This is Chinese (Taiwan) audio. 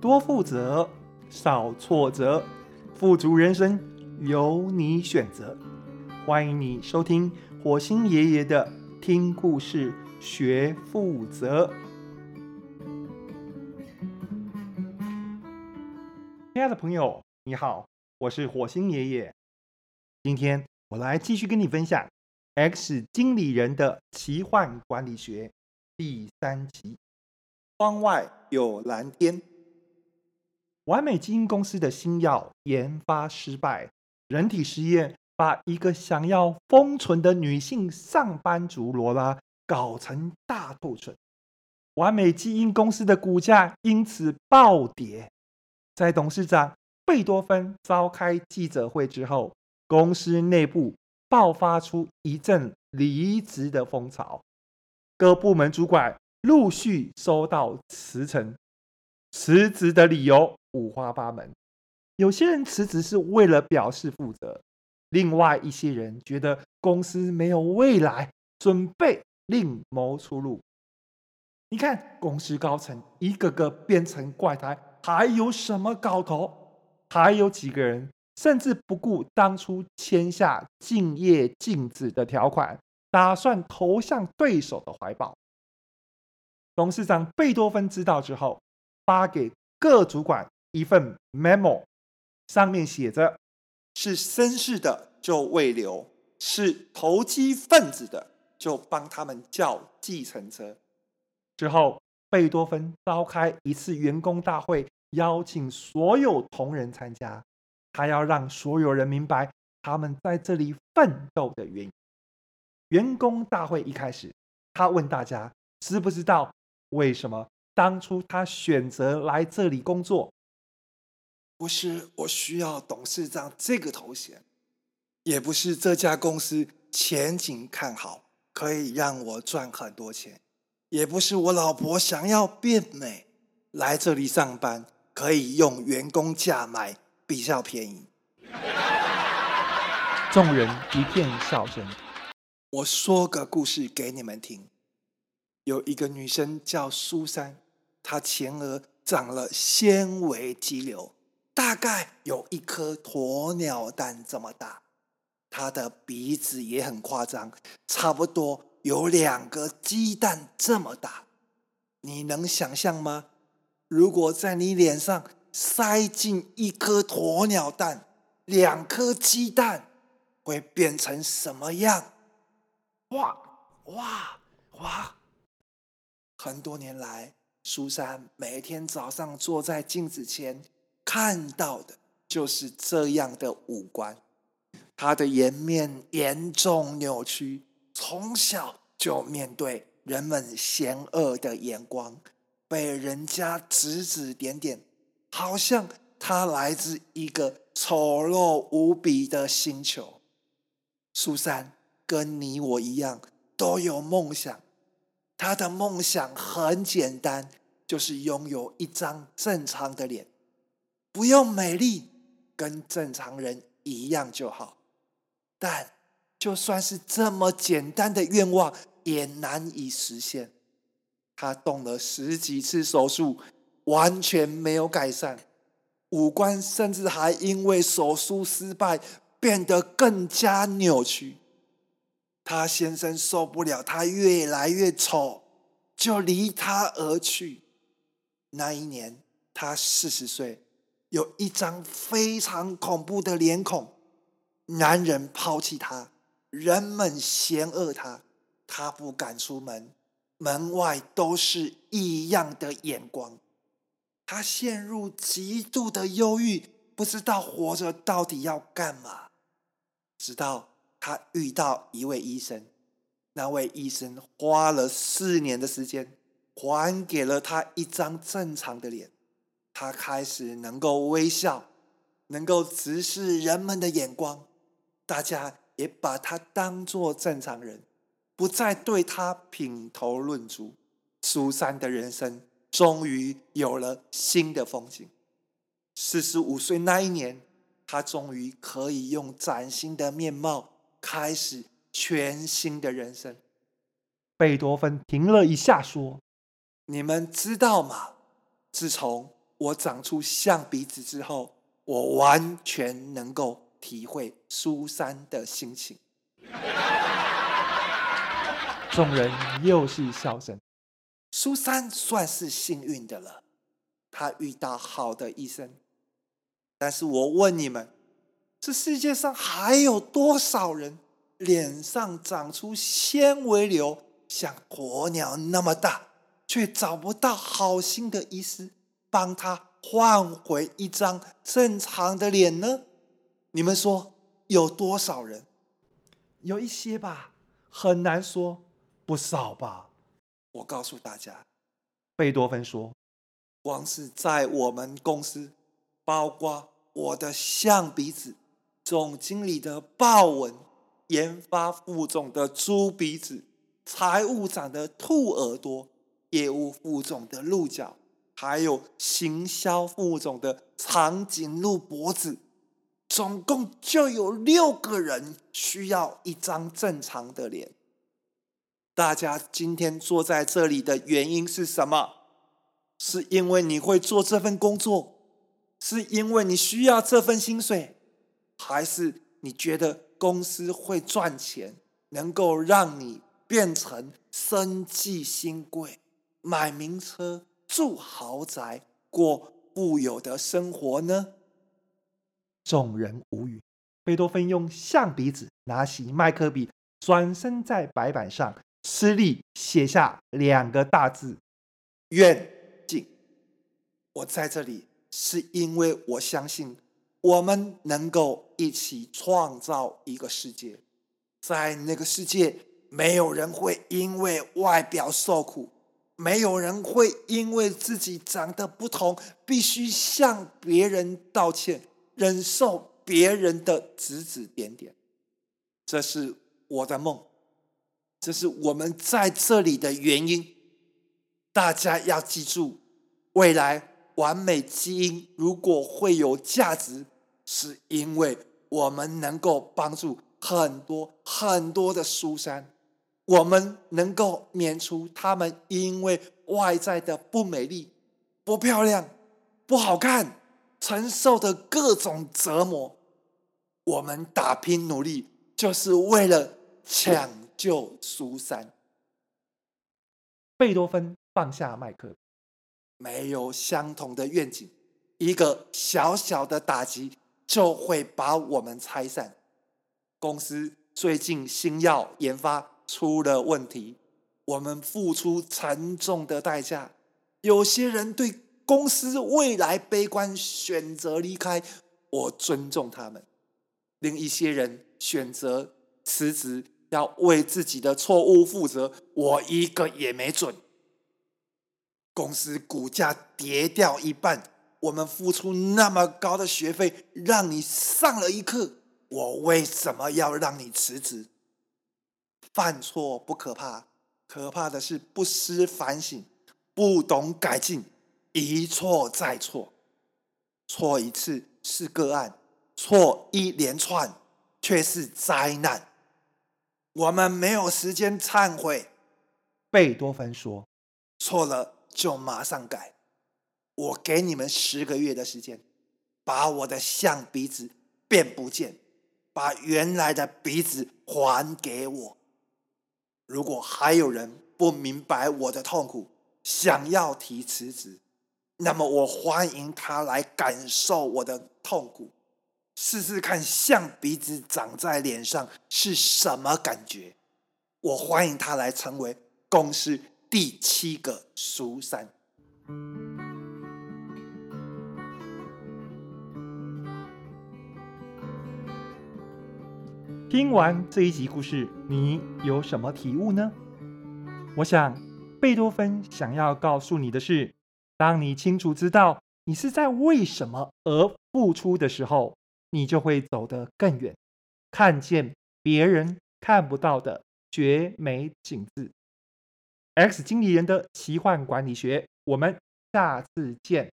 多富擇，少挫折，富足人生由你選擇。歡迎你收聽火星爺爺的聽故事學富擇。親愛的朋友，你好，我是火星爺爺。今天我來繼續跟你分享《X 經理人的奇幻管理學》第三集。窗外有藍天。完美基因公司的新藥研發失敗，人體實驗把一個想要封存的女性上班族羅拉搞成大兔唇。完美基因公司的股價因此暴跌。在董事長貝多芬召開記者會之後，公司內部爆發出一陣離職的風潮，各部門主管陸續收到辭呈。辭職的理由五花八門，有些人辭職是為了表示負責，另外一些人覺得公司沒有未來，準備另謀出路。你看，公司高層一個個變成怪胎，還有什麼搞頭？還有幾個人甚至不顧當初簽下競業禁止的條款，打算投向對手的懷抱。董事長貝多芬知道之後，發給各主管一份 memo，上面寫着：是紳士的就慰留，是投機分子的就幫他們叫計程車。之後，貝多芬召開一次員工大會，邀請所有同仁參加。他要讓所有人明白他們在這裡奮鬥的原因。員工大會一開始，他問大家知不知道為什麼？當初他選擇來這裡工作，不是我需要董事長這個頭銜，也不是這家公司前景看好可以讓我賺很多錢，也不是我老婆想要變美來這裡上班可以用員工價買比較便宜。眾人一片笑聲。我說個故事給你們聽，有一個女生叫蘇珊。他前額長了纖維肌瘤，大概有一顆鴕鳥蛋這麼大。他的鼻子也很誇張，差不多有兩個雞蛋這麼大。你能想象嗎？如果在你臉上塞進一顆鴕鳥蛋、兩顆雞蛋，會變成什麼樣？哇哇哇！哇哇很多年來。蘇珊每天早上坐在鏡子前，看到的就是這樣的五官。他的顏面嚴重扭曲，從小就面對人們嫌惡的眼光，被人家指指點點，好像他來自一個醜陋無比的星球。蘇珊跟你我一樣都有夢想，他的夢想很簡單。就是擁有一張正常的臉，不用美麗，跟正常人一樣就好。但就算是這麼簡單的願望，也難以實現。他動了十幾次手術，完全沒有改善，五官甚至還因為手術失敗變得更加扭曲。他先生受不了，他越來越醜，就離他而去。那一年，他四十歲，有一張非常恐怖的臉孔。男人拋棄他，人們嫌惡他，他不敢出門，門外都是異樣的眼光。他陷入極度的憂鬱，不知道活着到底要幹嘛。直到他遇到一位醫生，那位醫生花了四年的時間。還給了他一張正常的臉，他開始能夠微笑，能夠直視人們的眼光，大家也把他當做正常人，不再對他品頭論足。蘇珊的人生終於有了新的風景。四十五歲那一年，他終於可以用嶄新的面貌開始全新的人生。貝多芬停了一下，說。你們知道嗎？自從我長出象鼻子之後，我完全能夠體會蘇珊的心情。眾人又是笑聲。蘇珊算是幸運的了，她遇到好的醫生。但是我問你們，這世界上還有多少人臉上長出纖維瘤，像鴕鳥那麼大？卻找不到好心的醫師幫他換回一張正常的臉呢？你們說有多少人？有一些吧，很難說，不少吧。我告訴大家，貝多芬說，光是在我們公司，包括我的象鼻子，總經理的豹紋，研發副總的豬鼻子，財務長的兔耳朵。業務副總的鹿角，還有行銷副總的長頸鹿脖子，總共就有六個人需要一張正常的臉。大家今天坐在這裡的原因是什麼？是因為你會做這份工作，是因為你需要這份薪水，還是你覺得公司會賺錢，能夠讓你變成生技新貴，買名車、住豪宅、過富有的生活呢？眾人無語。貝多芬用象鼻子拿起麥克筆，轉身在白板上吃力寫下兩個大字：願景。我在這裡，是因為我相信我們能夠一起創造一個世界，在那個世界，沒有人會因為外表受苦。沒有人會因為自己長得不同，必須向別人道歉，忍受別人的指指點點。這是我的夢，這是我們在這裡的原因。大家要記住，未來完美基因如果會有價值，是因為我們能夠幫助很多很多的蘇珊。我們能夠免除他們因為外在的不美麗、不漂亮、不好看承受的各種折磨。我們打拼努力，就是為了搶救蘇珊。貝多芬放下麥克。沒有相同的願景，一個小小的打擊就會把我們拆散。公司最近新藥研發。出了問題，我們付出沉重的代價。有些人對公司未來悲觀，選擇離開，我尊重他們；另一些人選擇辭職，要為自己的錯誤負責，我一個也沒準。公司股價跌掉一半，我們付出那麼高的學費讓你上了一課，我為什麼要讓你辭職？犯錯不可怕，可怕的是不思反省，不懂改進，一錯再錯。錯一次是個案，錯一連串卻是災難。我們沒有時間懺悔。貝多芬說：“錯了就馬上改。”我給你們十個月的時間，把我的象鼻子變不見，把原來的鼻子還給我。如果還有人不明白我的痛苦，想要提辭職，那麼我歡迎他來感受我的痛苦，試試看象鼻子長在臉上是什麼感覺。我歡迎他來成為公司第七個蘇珊。聽完這一集故事，你有什麼體悟呢？我想，貝多芬想要告訴你的是，當你清楚知道你是在為什麼而付出的時候，你就會走得更遠，看見別人看不到的絕美景致。X 經理人的奇幻管理學，我們下次見。